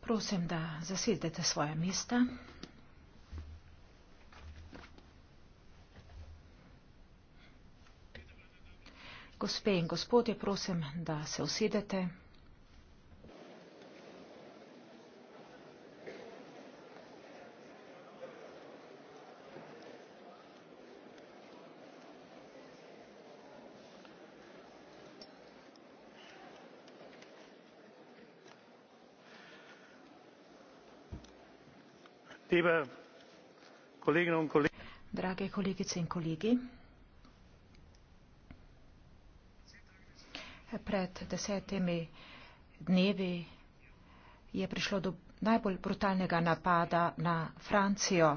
prosim da zasedete svoja mesta gospe in gospodje prosim da se usedete drage kolegice in kolegi pred desetimi dnevi je prišlo do najbolj brutalnega napada na francijo.